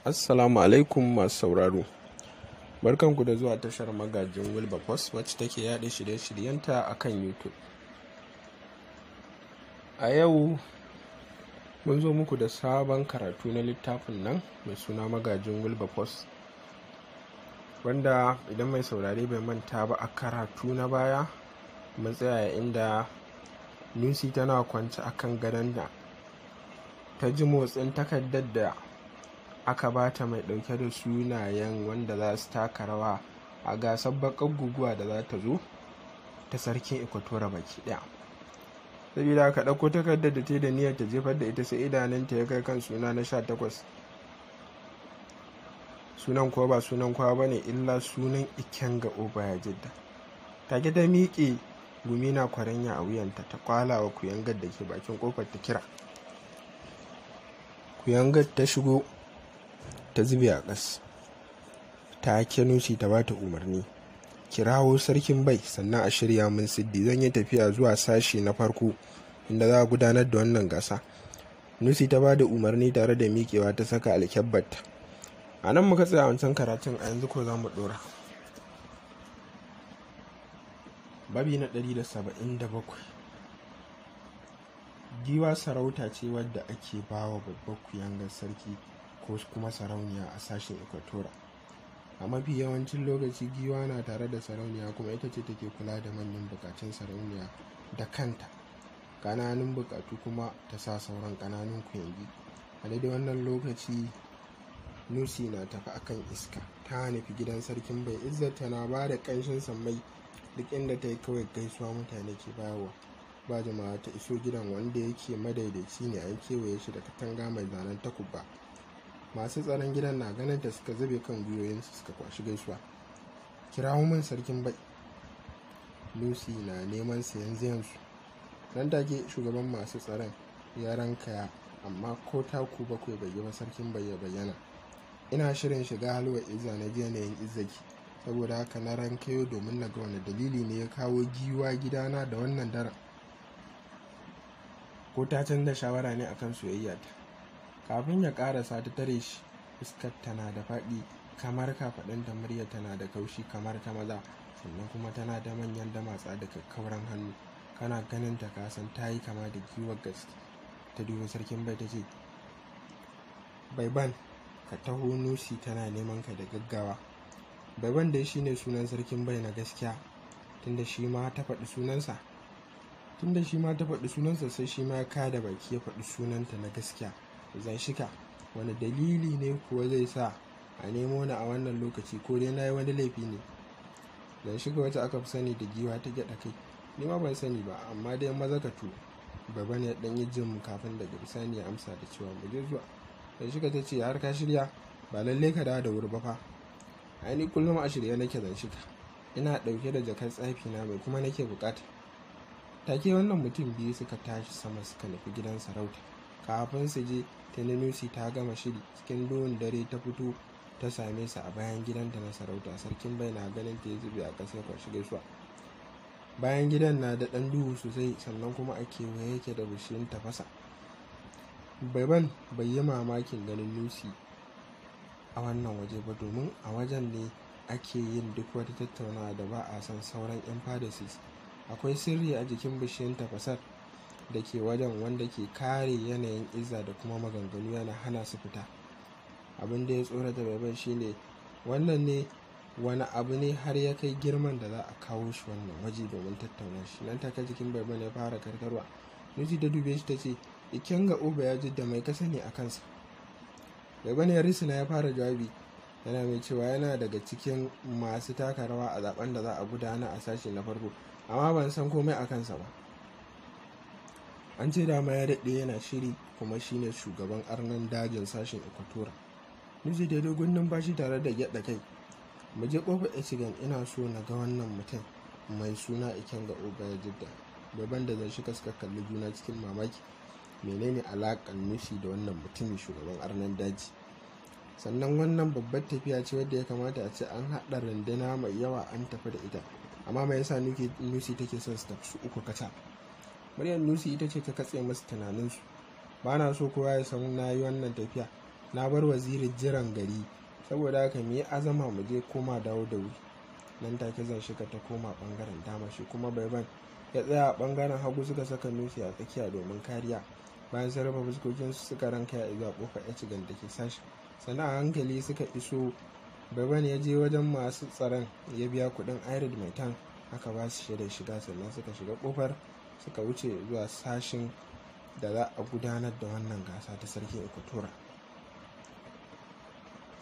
Assalamu alaikum masu sauraro. Barkanku da zuwa tashar magajin Wilberforce wacce take yaɗa shirye-shiryenta a kan YouTube. A yau mun zo muku da sabon karatu na littafin nan mai suna magajin Wilberforce. Wanda idan mai saurare bai manta ba a karatu na baya mun tsaya inda Lucy tana kwance akan gadon da ta ji motsin takardar da aka bata mai ɗauke da sunayen wanda za su taka rawa a gasar bakar guguwa da za ta zo ta sarkin ikwatora baki ɗaya sabida ka ɗauko takardar da ta da niyyar ta jefar da ita sai idanunta ya kai kan suna na sha takwas sunan kuwa ba sunan kuwa ba ne illa sunan ikenga ya jidda take ta miƙe gumi na kwaranya a wuyanta ta kwala wa kuyangar da ke bakin kofar ta kira kuyangar ta shigo ta zube a ƙas ta kenusi ta bata umarni kirawo sarkin bai sannan a shirya min siddi zan yi tafiya zuwa sashi na farko inda za a gudanar da wannan gasa nusi ta ba umarni tare da miƙewa ta saka alkyabbat a nan muka tsaya wancan karatun a yanzu ko za mu ɗora babi na 177 giwa sarauta ce wadda ake bawa babbar kuyangar sarki ko kuma sarauniya a sashen Ikwatora. A mafi yawancin lokaci giwa na tare da sarauniya kuma ita ce take kula da manyan bukatun sarauniya da kanta. ƙananan bukatu kuma ta sa sauran ƙananun kuyangi. A daidai wannan lokaci Nusi na tafi akan iska ta nufi gidan sarkin bai izzata na ba da kanshin sammai duk inda ta yi kawai gaisuwa mutane ke bayarwa ba jama'a ta iso gidan wanda yake madaidaici ne an kewaye shi da katanga mai zanen takuba masu tsaron gidan na ganin da suka zube kan su suka kwashi gaisuwa kirawo min sarkin bai lucy na neman sayan ziyansu nan take shugaban masu tsaron ya rankaya amma ko taku bakwai bai yi ba sarkin bai ya bayyana ina shirin shiga halwa izza na yanayin izzaki saboda haka na rankayo domin na ga wani dalili ne ya kawo giwa gidana da wannan daren ko ta canza shawara ne akan soyayya ta kafin ya karasa ta tare shi fuskar tana da faɗi kamar kafaɗin da murya tana da kaushi kamar ta maza sannan kuma tana da manyan damatsa da kakkauran hannu kana ganin ta kasan ta yi kama da giwar gaske ta dubi sarkin bai ta ce baiban ka taho nusi tana neman ka da gaggawa baiban dai ne sunan sarkin bai na gaskiya tunda shi tunda shi ma ta faɗi sunansa sai shi ma ya kada baki ya faɗi sunanta na gaskiya zanshika wani dalili ne kuwa zai sa a nemo ni a wannan lokaci ko dai na yi wani laifi ne zanshika wacce aka fi sani da giwa ta gyada kai ni ma ban sani ba amma dai maza ka tu baba ne dan yi jin kafin daga bisani ya amsa da cewa mu je zuwa zanshika ta ce har ka shirya ba lalle ka dawo da wuri ba fa ai ni kullum a shirya nake zanshika ina ɗauke da jakar tsafi na mai kuma nake bukata take wannan mutum biyu suka tashi sama suka nufi gidan sarauta kafin su je tananusi ta gama shiri cikin duhun dare ta fito ta same su a bayan gidanta na sarauta sarkin bai na ganin ta ya zube a ƙasa kwashi gaisuwa bayan gidan na da ɗan duhu sosai sannan kuma a kewaye yake da bishiyun tafasa baban bai yi mamakin ganin lucy a wannan waje ba domin a wajen ne ake yin duk wata tattaunawa da ba a san sauran 'yan fadasis akwai sirri a jikin bishiyun tafasar da ke wajen wanda ke kare yanayin izza da kuma maganganu yana hana su fita abin da ya tsorata shi shine wannan ne wani abu ne har ya kai girman da za a kawo shi wannan waje domin tattauna shi nan taka jikin baban ya fara karkarwa nuji da dube shi ta ce ikin ga oba ya jidda mai kasa ne a kansa baban ya risina ya fara jawabi yana mai cewa yana daga cikin masu taka rawa a zaben da za a gudana a sashi na farko amma ban san komai a kansa ba an ce dama ya daɗe yana shiri kuma shine shugaban arnan dajin sashen ekwatora miji da dogon numfashi tare da gyaɗa kai mu je ƙofar echigan ina so na ga wannan mutum mai suna iken ga jidda baban da zai shiga suka kalli juna cikin mamaki menene alaƙar nufi da wannan mutumin shugaban arnan daji sannan wannan babbar tafiya ce wadda ya kamata a ce an haɗa runduna mai yawa an tafi da ita amma mai yasa nufi take son su tafi su uku kaca muryar lucy ita ce ta katse masu tunaninsu ba na so kowa ya san na yi wannan tafiya na bar wazirin jiran gari saboda haka mu azama mu je koma dawo da wuri nan take zan shiga ta koma bangaren dama shi kuma baiban ya tsaya a bangaren hagu suka saka nufi a tsakiya domin kariya bayan sun rufe fuskokinsu suka ranka ya iya kofar ya cigan da ke sashi sannan a hankali suka iso baiban ya je wajen masu tsaron ya biya kuɗin irid mai tan aka ba su shaidar shiga sannan suka shiga kofar suka wuce zuwa sashen da za a gudanar da wannan gasa ta sarkin ekutura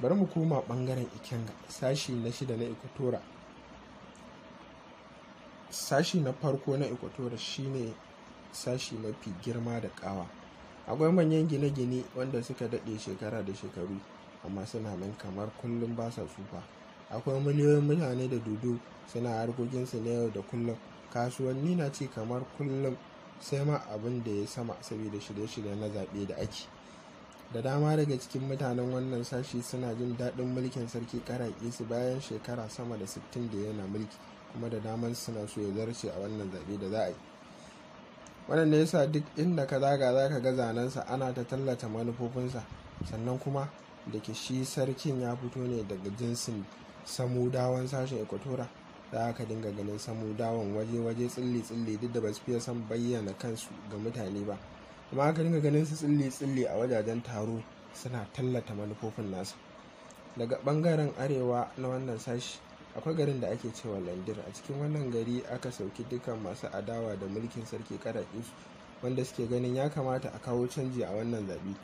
bari mu koma bangaren ikenga sashi na shida na ekutura sashi na farko na ekutura shine sashi mafi girma da kawa akwai manyan gine-gine wanda suka daɗe shekara da shekaru amma suna nan kamar kullum ba sa tsufa akwai miliyoyin mutane da dudu suna harkokinsu na yau da kullum kasuwanni na ci kamar kullum sai ma abin da ya sama saboda shirye-shirye na zaɓe da ake da dama daga cikin mutanen wannan sashi suna jin daɗin mulkin sarki karakisu bayan shekara sama da 60 da yana mulki kuma da daman suna so ya zarce a wannan zaɓe da za a yi wannan ne yasa duk inda ka zaga za ka ga zanensa ana ta tallata manufofinsa sannan kuma da ke shi sarkin ya fito ne daga jinsin samudawan sashen ekwatora za ka dinga ganin samu dawon waje-waje tsilli-tsilli duk da ba su fiye son bayyana kansu ga mutane ba amma ka dinga ganin su tsilli-tsilli a wajajen taro suna tallata manufofin nasu daga bangaren arewa na wannan sashi akwai garin da ake cewa landir a cikin wannan gari aka sauki dukkan masu adawa da mulkin sarki karaɗi wanda suke ganin ya kamata a kawo canji a wannan zaɓe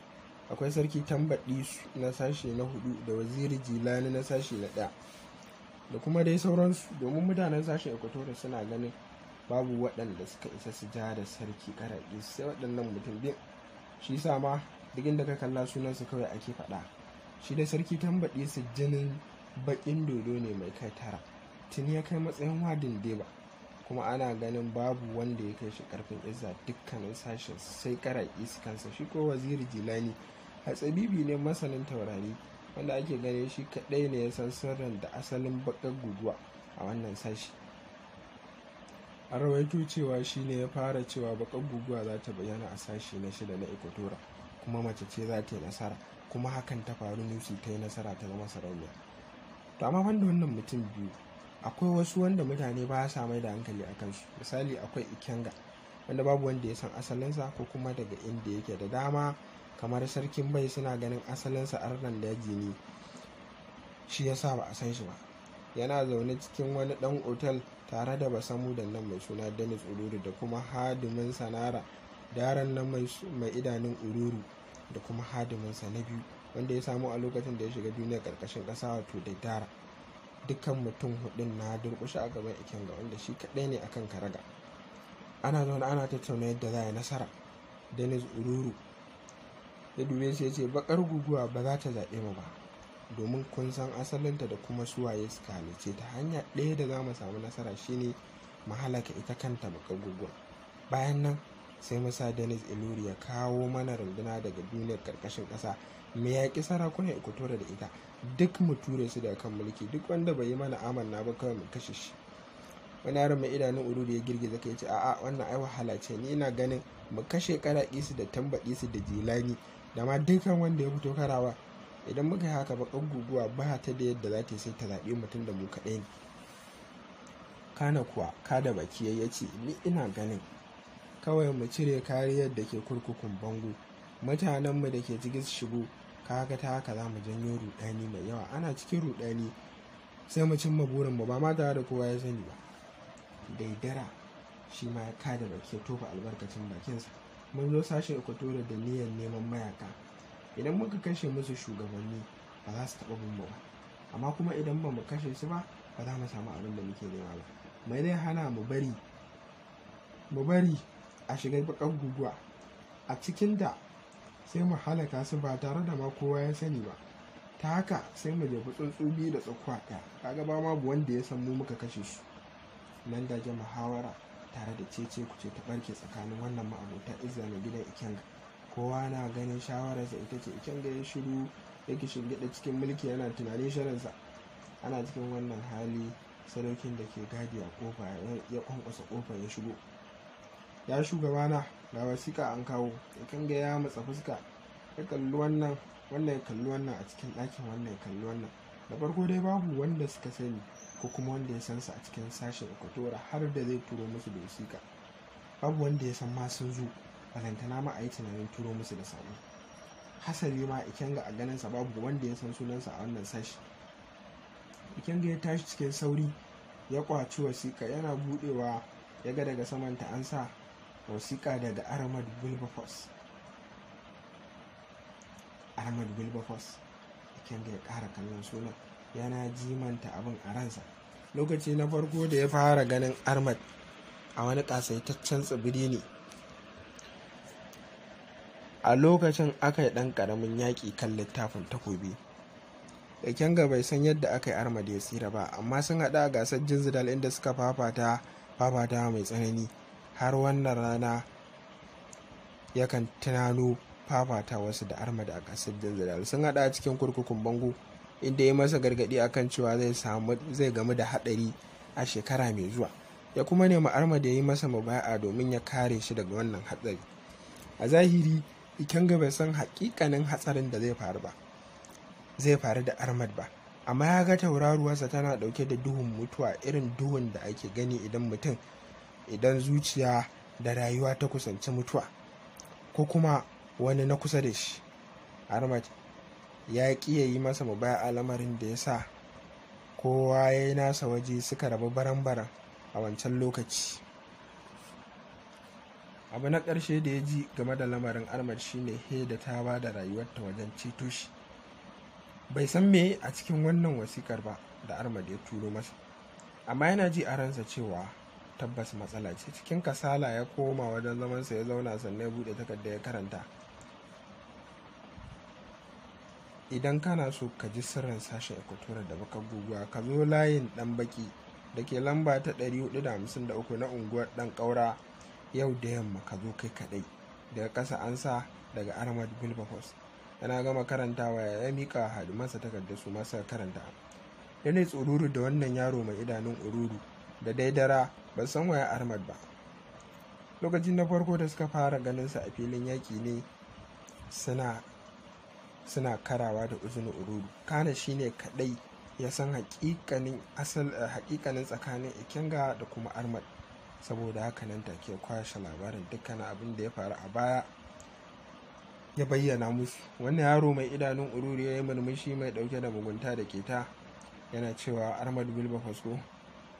akwai sarki tambaɗi na sashi na hudu da waziri jilani na sashi na ɗaya da kuma dai sauransu domin mutanen sashen equatorial suna ganin babu waɗanda suka isa su ja da sarki karaƙi sai waɗannan mutum biyu shi sa ma duk inda ka kalla sunansu kawai ake faɗa shi da sarki tambaɗe su jinin baƙin dodo ne mai kai tara tuni ya kai matsayin wadin deba kuma ana ganin babu wanda ya kai shi ƙarfin izza dukkanin sashen sai karaƙi su kansa shi ko waziri jilani hatsabibi ne masanin taurari wanda ake gane shi kadai ne ya san sirrin da asalin bakar guguwa a wannan sashi a rawaito cewa shi ne ya fara cewa bakar guguwa za ta bayyana a sashi na shida na equatora kuma mace ce za ta yi nasara kuma hakan ta faru nusi ta yi nasara ta zama sarauniya to amma banda wannan mutum biyu akwai wasu wanda mutane ba sa mai da hankali a kansu misali akwai ikenga wanda babu wanda ya san asalinsa ko kuma daga inda yake da dama kamar sarkin bai suna ganin asalin asalinsa arnan daji ne shi ya sa ba a san shi ba yana zaune cikin wani dan otal tare da basamu da nan mai suna denis ururu da kuma hadimin sanara daren nan mai idanun ururu da kuma hadiminsa na biyu wanda ya samu a lokacin da ya shiga duniya karkashin kasa wato da dara dukkan mutum hudun na durkushi a gaban ga wanda shi kadai ne akan karaga ana zaune ana tattauna yadda za a yi nasara denis ururu ya dube su ya ce bakar guguwa ba za ta zaɓe mu ba domin kun san asalinta da kuma suwaye suka halice ta hanya ɗaya da za mu samu nasara shine mu halaka ita kanta bakar guguwa bayan nan sai musa denis iluri ya kawo mana runduna daga duniyar karkashin ƙasa mu yaƙi sarakunan equatorial da ita duk mu ture su daga kan mulki duk wanda bai yi mana amanna ba kawai mu kashe shi wani yaron mai idanun ururu ya girgiza kai ce a'a wannan ai wahala ce ni ina ganin mu kashe karaƙi su da tambaɗi su da jilani da ma dukkan wanda ya fito karawa idan muka yi haka bakar guguwa ba ta da yadda za ta sai ta zaɓi mutum da mu kaɗai ne kana kuwa kada baki ya ce ni ina ganin kawai mu cire kariyar da ke kurkukun bango mutanenmu da ke cikin shigo kaga ta haka za mu janyo rudani mai yawa ana cikin rudani sai mu cimma burinmu ba ma tare da kowa ya sani ba daidara shi ma ya kada baki ya tofa albarkacin bakinsa mun zo sashen equatorial da niyyar neman mayaka idan muka kashe musu shugabanni ba za su taɓa mu ba amma kuma idan ba mu kashe su ba ba za mu samu abin da muke nema ba mai zai hana mu bari mu bari a shiga bakan guguwa a cikin cikinta sai mu halaka su ba tare da ma kowa ya sani ba ta haka sai mu jefi tsuntsu biyu da tsakuwa ɗaya kaga ba ma wanda ya san mu muka kashe su nan da muhawara tare da cece kuce ta barke tsakanin wannan ma'abota izza na gidan ikenga kowa na ganin shawararsa ita ce ikenga ya shiru yake shingida cikin mulki yana tunanin shirinsa ana cikin wannan hali sadaukin da ke gadi a kofa ya kwankwasa kofar ya shigo ya shugabana ga wasiƙa an kawo ikenga ya matsa fuska ya kalli wannan wannan ya kalli wannan a cikin ɗakin wannan ya kalli wannan da farko dai babu wanda suka sani ko kuma wanda ya san su a cikin sashen ekwatora har da zai turo musu da wasiƙa babu wanda ya san ma sun zo balantana ma a yi tunanin turo musu da samu hasali ma ikenga a ganin sa babu wanda ya san sunansa a wannan sashi ikenga ya tashi cikin sauri ya kwaci wasiƙa yana buɗewa ya ga daga samanta an sa wasiƙa daga aramad wilberforce wilberforce kyan da ya ƙara kallon sunan yana jimanta abin a ransa lokaci na farko da ya fara ganin armad a wani ƙasaitaccen tsibiri ne a lokacin aka yi ɗan ƙaramin yaƙi kan littafin takobi da kyanga bai san yadda aka yi armad ya tsira ba amma sun haɗa a gasar jinzidal inda suka fafata fafata mai tsanani har wannan rana yakan tunano fafata wasu da armada a kasar janzadal sun hada a cikin kurkukun bango inda ya masa gargadi akan cewa zai gamu da hadari a shekara mai zuwa ya kuma nemi armada ya yi masa mubaya'a domin ya kare shi daga wannan hatsari a zahiri ikenga bai san hakikanin hatsarin da zai faru ba zai faru da armad ba amma ya ga tauraruwarsa tana dauke da duhun mutuwa irin duhun da ake gani idan mutum idan zuciya da rayuwa ta kusanci mutuwa ko kuma wani na kusa da shi armat ya ƙi yi masa mubaya al'amarin da ya sa kowa ya yi nasa waje suka rabu baran-baran a wancan lokaci abu na ƙarshe da ya ji game da lamarin armad shine heda ta ba da rayuwarta wajen ceto shi bai san me a cikin wannan wasikar ba da armad ya turo masa amma yana ji a ransa cewa tabbas matsala ce cikin kasala ya koma wajen zamansa ya zauna sannan ya buɗe takardar ya karanta idan kana so ka ji sirrin sashen ekutura da baka guguwa ka zo layin dan baki da ke lamba ta 453 na unguwar dan ƙaura yau da yamma ka zo kai kadai daga ƙasa an sa daga armad bilbafos yana gama karantawa ya mika masa takardar su masa karanta yana tsoruru da wannan yaro mai idanun ururu da dai-dara ba san waya armad ba lokacin na farko da suka fara ganin sa a filin yaki ne suna suna karawa da uzun ururu kana shine kadai ya san hakikanin asal hakikanin tsakanin ikenga da kuma armad saboda haka nan take kwashe labarin dukkanin abin da ya faru a baya ya bayyana musu wani yaro mai idanun ururu ya yi murmushi mai dauke da mugunta da keta yana cewa armad fasko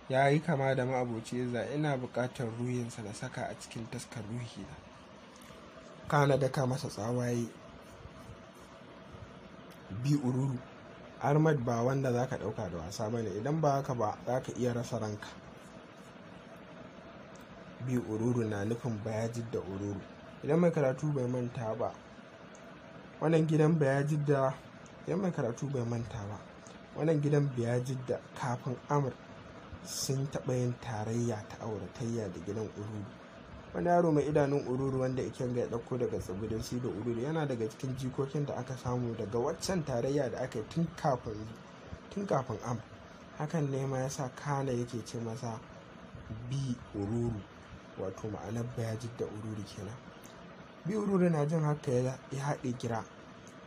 ya yi kama da ma'aboci za ina buƙatar ruhinsa na saka a cikin taskar ruhi na kana daka masa tsawaye bi ururu armad ba wanda za ka ɗauka da wasa bane idan ba haka ba za ka iya rasa ranka bi ururu na nufin bayajid da ururu idan mai karatu bai manta ba wannan gidan bayajid da idan mai karatu bai manta ba wannan gidan bayajid da kafin amur sun taɓa yin tarayya ta auratayya da gidan ururu wani yaro mai idanun ururu wanda ikenga ya ɗauko daga tsibirin su da ururu yana daga cikin jikokin da aka samu daga waccan tarayya da aka yi tun kafin am hakan ne ma yasa kana yake ce masa bi ururu wato ma'anar bayajid da ururu kenan bi ururu na jin haka ya haɗe kira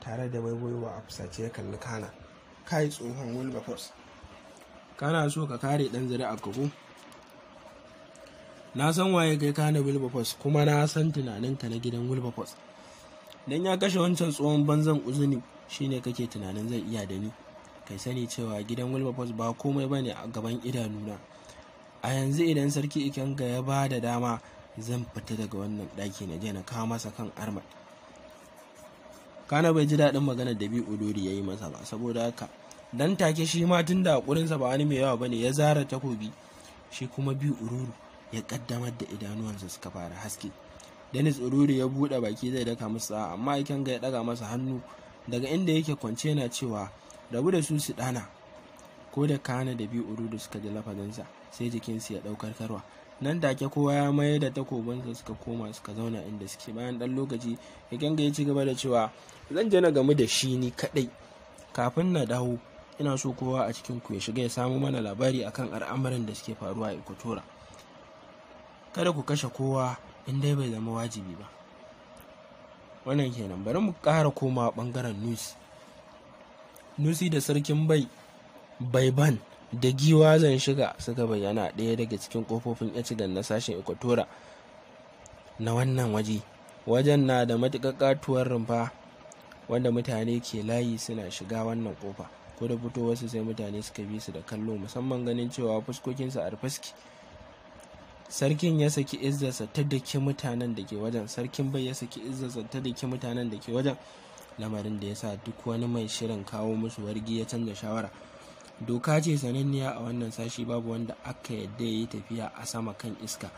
tare da waiwaiwa a fusace ya kalli kana kai tsohon wilberforce kana so ka kare ɗan zuri'a ka ko na san waye kai kana wilberforce kuma na san tunaninka na gidan wilberforce dan ya kashe wancan tsohon banzan uzuni shine kake tunanin zai iya da ni kai sani cewa gidan wilberforce ba komai ba ne a gaban idanuna a yanzu idan sarki ga ya ba da dama zan fita daga wannan ɗaki na je na kawo masa kan armad kana bai ji daɗin maganar da bi'u dori ya yi masa ba saboda haka dan take shi ma tun da hakurinsa ba wani mai yawa bane ya zara takobi shi kuma biyu ururu ya kaddamar da idanuwansa suka fara haske dennis ururu ya buɗe baki zai daka musu amma aikin ga ya daga masa hannu daga inda yake kwance yana cewa rabu da su su dana ko da kana da biyu ururu suka ji lafazinsa sai jikinsu ya ɗaukar karwa nan take kowa ya mayar da takobinsa suka koma suka zauna inda suke bayan ɗan lokaci ya ganga ya ci gaba da cewa zan je na gamu da shi ni kaɗai kafin na dawo ina so kowa a cikin ku ya shiga ya samu mana labari akan al'amarin da suke faruwa a Ikotora kada ku kashe kowa in dai bai zama wajibi ba wannan kenan bari mu ƙara koma ɓangaren nusi nusi da sarkin bai bai ban da giwa zan shiga suka bayyana ɗaya daga cikin ƙofofin echigan na sashen Ikotora na wannan waje wajen na da matuƙaƙatuwar rumfa wanda mutane ke layi suna shiga wannan ƙofa ko da fito wasu sai mutane suka bi su da kallo musamman ganin cewa fuskokinsa a rufaski sarkin ya saki izzarsa ta dake mutanen da ke wajen sarkin bai ya saki izzarsa ta dake mutanen da ke wajen lamarin da ya sa duk wani mai shirin kawo musu wargi ya canza shawara doka ce sananniya a wannan sashi babu wanda aka yadda ya yi tafiya a sama kan iska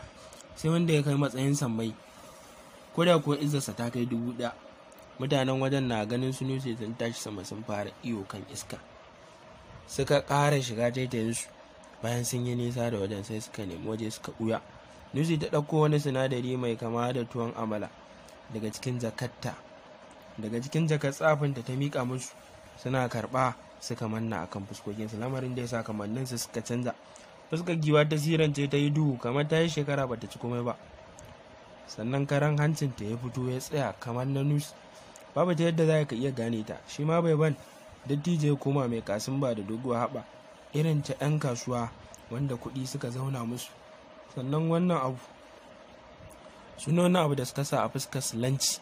sai wanda ya kai matsayin sammai ko da kuwa izzarsa ta kai dubu ɗaya mutanen wajen na ganin su ne sun tashi sama sun fara iyo kan iska suka kara shiga taitayinsu bayan sun yi nisa da wajen sai suka nemi waje suka ɓuya nusi ta ɗauko wani sinadari mai kama da tuwon amala daga cikin jakatta daga cikin jakar tsafinta ta miƙa musu suna karɓa suka manna a kan fuskokinsu lamarin da ya sa suka canza fuskar giwa ta sirance ta yi duhu kamar ta yi shekara ba ta ci komai ba sannan karan hancin ta ya fito ya tsaya kamar na nus babu ta yadda za ka iya gane ta shi ma bai ban Dattijai ya koma mai ba da doguwa haɓa irin ta 'yan kasuwa wanda kuɗi suka zauna musu sannan wannan abu wani abu da suka sa a fuskar lanci.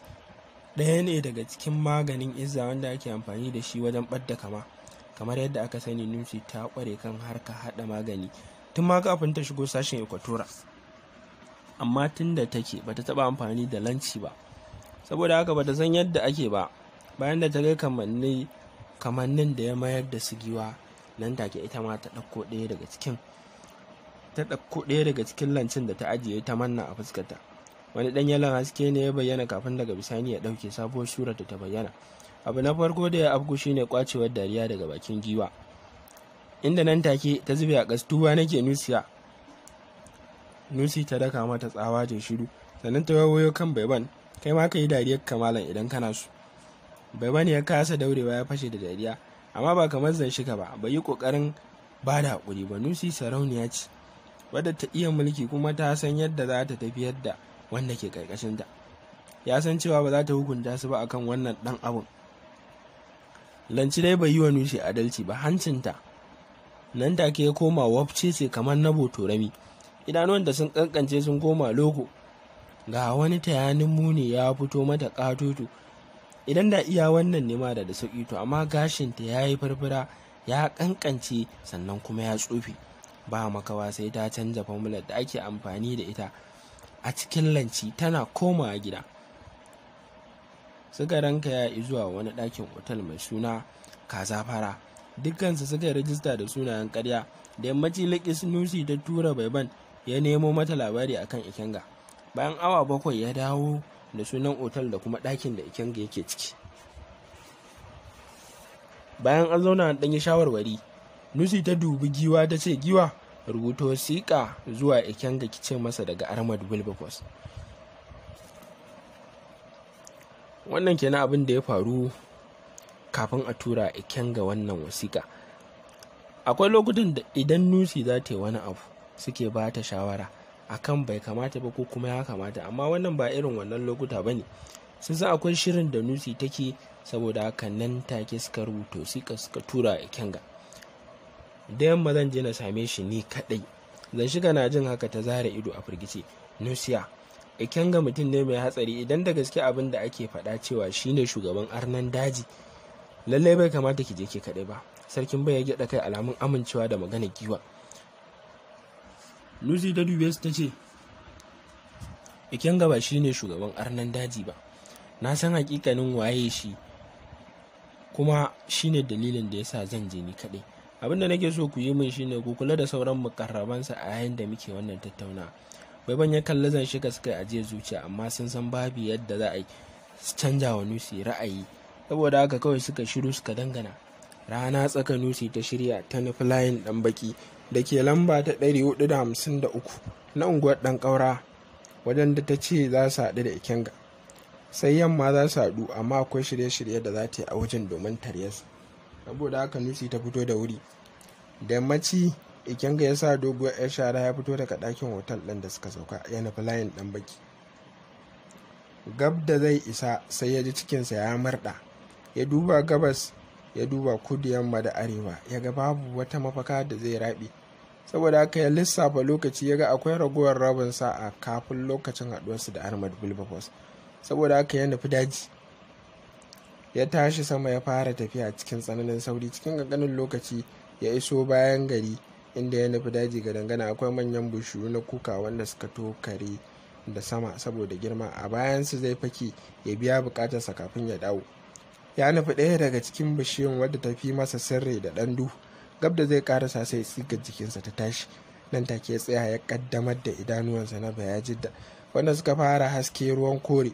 ɗaya ne daga cikin maganin izza wanda ake amfani da shi wajen ɓadda kama kamar yadda aka sani nufi ta ƙware kan harka haɗa magani tun ma kafin ta shigo sashen ekwatora amma tun da take ba ta taɓa amfani da lanci ba saboda haka ba ta san yadda ake ba bayan da ta ga kamanni kamannin da ya mayar da su giwa nan take ita ma ta ɗauko ɗaya daga cikin ta ɗauko ɗaya daga cikin lancin da ta ajiye ta manna a fuskarta wani ɗan yalan haske ne ya bayyana kafin daga bisani ya ɗauke sabuwar shura da ta bayyana abu na farko da ya afku shine kwacewar dariya daga bakin giwa inda nan take ta zube a kastuwa nake nusiya nusi ta daka mata tsawa ta shiru sannan ta wayo kan ban kai ma ka yi dariyar kamalan idan kana su. Bai bane ya kasa daurewa ya fashe da dariya amma ba kamar zan zanshika ba bai yi kokarin ba da hakuri ba nusi sarauniya ce wadda ta iya mulki kuma ta san yadda za ta tafiyar da wanda ke karkashinta ya san cewa ba za ta hukunta su ba akan wannan dan abun lanci dai bai yi wa nushi adalci ba hancinta nan take ke koma wafce ce kamar na botorami idanuwan da sun kankance sun koma loko ga wani tayanin muni ya fito mata katutu idan da iya wannan nema da da sauki to amma gashinta ya yi farfara ya kankance sannan kuma ya tsufe ba makawa sai ta canza famular da ake amfani da ita a cikin lanci tana komawa gida sigaranka ya yi zuwa wani ɗakin otal mai suna kazafara dukkansu suka yi rajista da sunayen karya da yammaci likis nusi ta tura baiban ya nemo mata labari akan ikenga bayan awa bakwai ya dawo da sunan otal da kuma ɗakin da ikenga yake ciki bayan an zauna a ɗanyi shawarwari nusi ta dubi giwa ta ce giwa rubuta wasiƙa zuwa ikenga kice masa daga armad wilberforce wannan kenan abin da ya faru kafin a tura ikenga wannan wasiƙa akwai lokutan da idan nusi za ta yi wani abu suke ba ta shawara akan bai kamata ba ko kuma ya kamata amma wannan ba irin wannan lokuta ba ne sun san akwai shirin da nusi take saboda hakan nan take suka rubuto suka suka tura ikenga da yamma zan je na same shi ni kadai zan shiga na jin haka ta zara ido a firgice nusiya ikenga mutum ne mai hatsari idan da gaske abin da ake faɗa cewa shine shugaban arnan daji lallai bai kamata ki je ke kaɗai ba sarkin bai ya gyaɗa kai alamun amincewa da maganar giwa lucy ws ta ce ikenga ba shi ne shugaban arnan daji ba na san hakikanin waye shi kuma shi ne dalilin da ya sa zan je ni kaɗai abin da nake so ku yi min shine ku kula da sauran mukarrabansa a yayin da muke wannan tattauna bai ban ya kalli zan shiga suka ajiye zuciya amma sun san babu yadda za a yi canja wa nusi ra'ayi saboda haka kawai suka shiru suka dangana rana tsaka nusi ta shirya ta nufi layin dan baki da ke lamba ta 453 na unguwar ɗan ƙaura wajen da ta ce za su haɗu da ikenga sai yamma za su haɗu amma akwai shirye-shirye da za ta yi a wajen domin taryarsa saboda haka nusi ta fito da wuri da yammaci ikenga ya sa doguwar 'yar shara ya fito daga ɗakin hotel ɗin da suka sauka ya nufi layin ɗan baki gab da zai isa sai ya ji cikinsa ya murɗa ya duba gabas ya duba kudu yamma da arewa ya ga babu wata mafaka da zai raɓe saboda haka ya lissafa lokaci ya ga akwai ragowar rabin a kafin lokacin haɗuwarsu da armad bilbafos saboda haka ya nufi daji ya tashi sama ya fara tafiya cikin tsananin sauri cikin ƙanƙanin lokaci ya iso bayan gari inda ya nufi daji ga dangana akwai manyan bushiyu na kuka wanda suka tokare da sama saboda girma a bayansu zai faki ya biya bukatarsa kafin ya dawo ya nufi ɗaya daga cikin bishiyun wadda ta fi masa sirri da ɗan duhu gab da zai karasa sai tsiga jikinsa ta tashi nan take tsaya ya kaddamar da idanuwansa na bayajidda wanda suka fara haske ruwan kore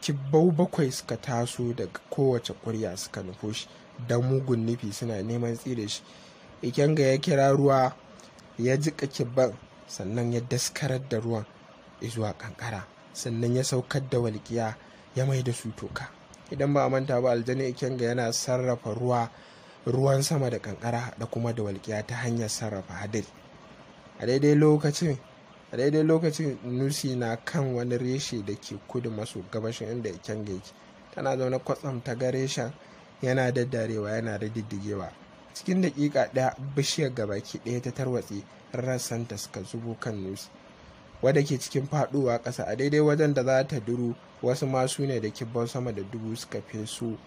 kibbau bakwai suka taso daga kowace ƙurya suka nufo shi da mugun nufi suna neman tsire shi ga ya kira ruwa ya jiƙa kibban sannan ya daskarar da ruwan zuwa kankara sannan ya saukar da walƙiya ya mai da su toka idan ba a manta ba aljani ga yana sarrafa ruwa ruwan sama da kankara da kuma da walƙiya ta hanyar sarrafa hadari a daidai lokacin a daidai lokacin nusi na kan wani reshe da ke kudu maso gabashin inda ikenga yake tana zaune kwatsam ta ga reshen yana daddarewa yana da diddigewa. cikin daƙiƙa ɗaya bishiyar gabaki ɗaya ta tarwatse rassan ta suka zubo kan nusi wadda ke cikin faɗowa ƙasa a daidai wajen da za ta duru wasu masu ne da kibban sama da dubu suka feso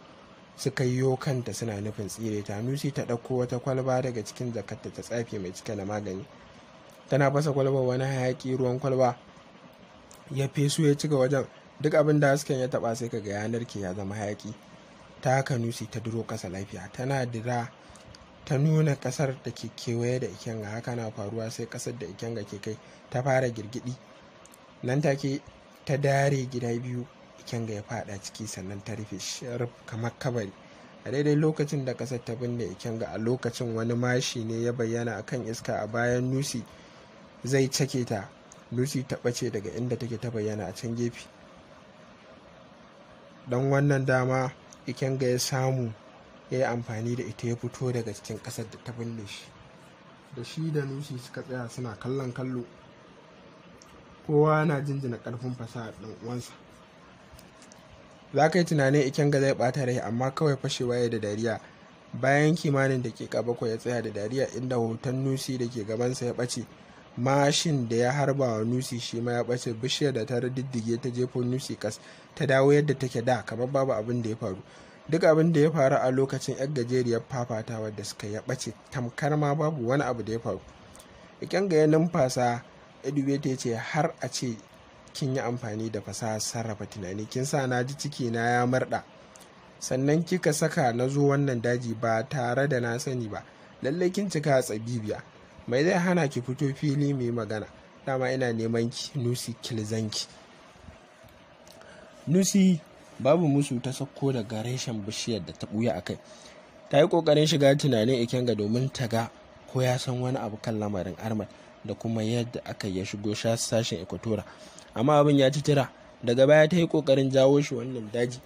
suka yi kanta suna nufin tsire ta nusi ta ɗauko wata kwalba daga cikin jakarta ta tsafe mai cike da magani tana fasa kwalba wani hayaki ruwan kwalba ya fesu ya cika wajen duk abin da hasken ya taba sai kaga yanar ke ya zama hayaƙi ta haka nusi ta duro kasa lafiya tana dira ta nuna kasar da ke kewaye da ikenga haka na faruwa sai kasar da ikenga ke kai ta fara girgidi nan take ta dare gida biyu Ikenga ya fada ciki sannan ta rufe sharif kamar kabari a daidai lokacin da kasar ta binne Ikenga a lokacin wani mashi ne ya bayyana akan iska a bayan Nusi zai cake ta Nusi ta bace daga inda take ta bayyana a can gefe don wannan dama Ikenga ya samu ya yi amfani da ita ya fito daga cikin kasar da ta binne shi da shi da Nusi suka tsaya suna kallon kallo kowa na jinjina ƙarfin fasahar ɗan uwansa za ka yi tunanin ikenga zai bata rai amma kawai fashewa ya da dariya bayan kimanin dakika bakwai ya tsaya da dariya inda hoton nusi da ke gabansa ya ɓace mashin da ya harba wa nusi shi ma ya ɓace bishiyar da ta diddige ta jefo nusi kas ta dawo yadda take da kamar babu abin da ya faru duk abin da ya faru a lokacin yar gajeriyar fafatawa da suka ya ɓace tamkar ma babu wani abu da ya faru ikenga ya numfasa ta ce har a ce kin yi amfani da fasahar sarrafa tunani kin sa na ji ciki na ya marɗa sannan kika saka na zo wannan daji ba tare da na sani ba lallai kin cika tsabibiya mai zai hana ki fito fili mai magana dama ina neman ki nusi kilzanki nusi babu musu ta sauko daga reshen bishiyar da ta buya a kai ta yi kokarin shiga tunanin ikenga domin ta ga ko ya san wani abu kan lamarin armad da kuma yadda aka ya shigo sashen ekotora amma abin ya ci tira daga baya ta yi ƙoƙarin jawo shi wannan daji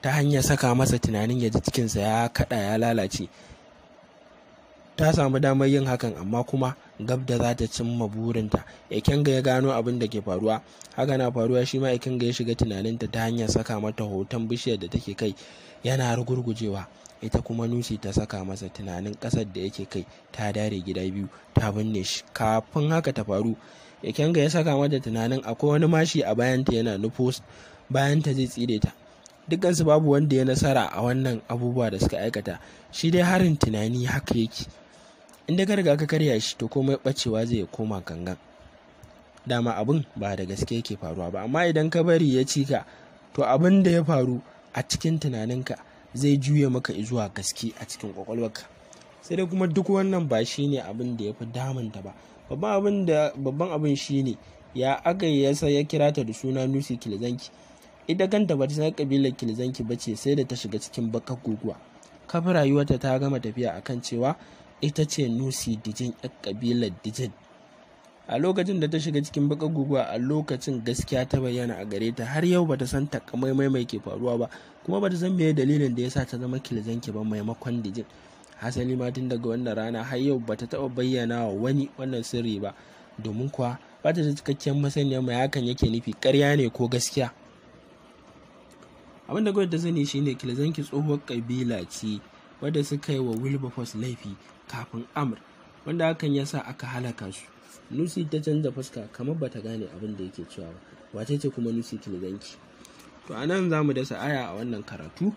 ta hanyar saka masa tunanin ya ji cikinsa ya kaɗa ya lalace ta samu damar yin hakan amma kuma gab da za ta cimma burinta ga ya gano abin da ke faruwa haka na faruwa shi ma ga ya shiga tunaninta ta hanyar saka mata hoton bishiyar da take kai yana rugurgujewa ita kuma nusi ta saka masa tunanin kasar da yake kai ta dare gida biyu ta binne shi kafin haka ta faru ikenga ya saka mata tunanin akwai wani mashi a bayanta yana nufos bayanta zai tsire ta dukkansu babu wanda ya nasara a wannan abubuwa da suka aikata shi dai harin tunani haka yake in da riga ka karya shi to komai bacewa zai koma gangan dama abin ba da gaske yake faruwa ba amma idan ka bari ya cika, to abin da ya faru a cikin tunaninka zai juya maka zuwa gaske a cikin kwakwalwarka sai dai kuma duk wannan ba shi ne abin da ya fi damunta ba babban abin shi ne ya aka yasa ya kira ta da suna nusi kilizanki ita kanta ba ta san kabilar kilzanki ba ce sai da ta shiga cikin bakar guguwa kafin rayuwarta ta gama tafiya akan cewa ita ce nusi dijin yan kabilar dijin a lokacin da ta shiga cikin baka guguwa a lokacin gaskiya ta bayyana a gare ta har yau bata san takamaimai mai ke faruwa ba kuma bata san meye dalilin da ya sa ta zama kilzanki ba maimakon dijin hasali ma tun daga wannan rana har yau bata taba bayyana wa wani wannan sirri ba domin kuwa bata da cikakken masaniya mai hakan yake nufi karya ne ko gaskiya abin da gwada sani shine kilzanki tsohuwar kabila ce wadda suka yi wa wilberforce laifi kafin amur wanda hakan yasa aka halaka su lucy ta canza fuska kamar bata gane abin da yake cewa ba wace ce kuma lucy tilganki to a nan zamu mu dasa aya a wannan karatu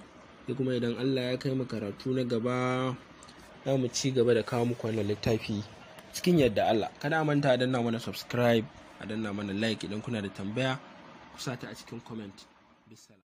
sai kuma idan allah ya kai mu karatu na gaba za mu ci gaba da kawo muku wannan littafi cikin yadda allah kada manta a danna mana subscribe a danna mana like idan kuna da tambaya ku sata ta a cikin comment bisala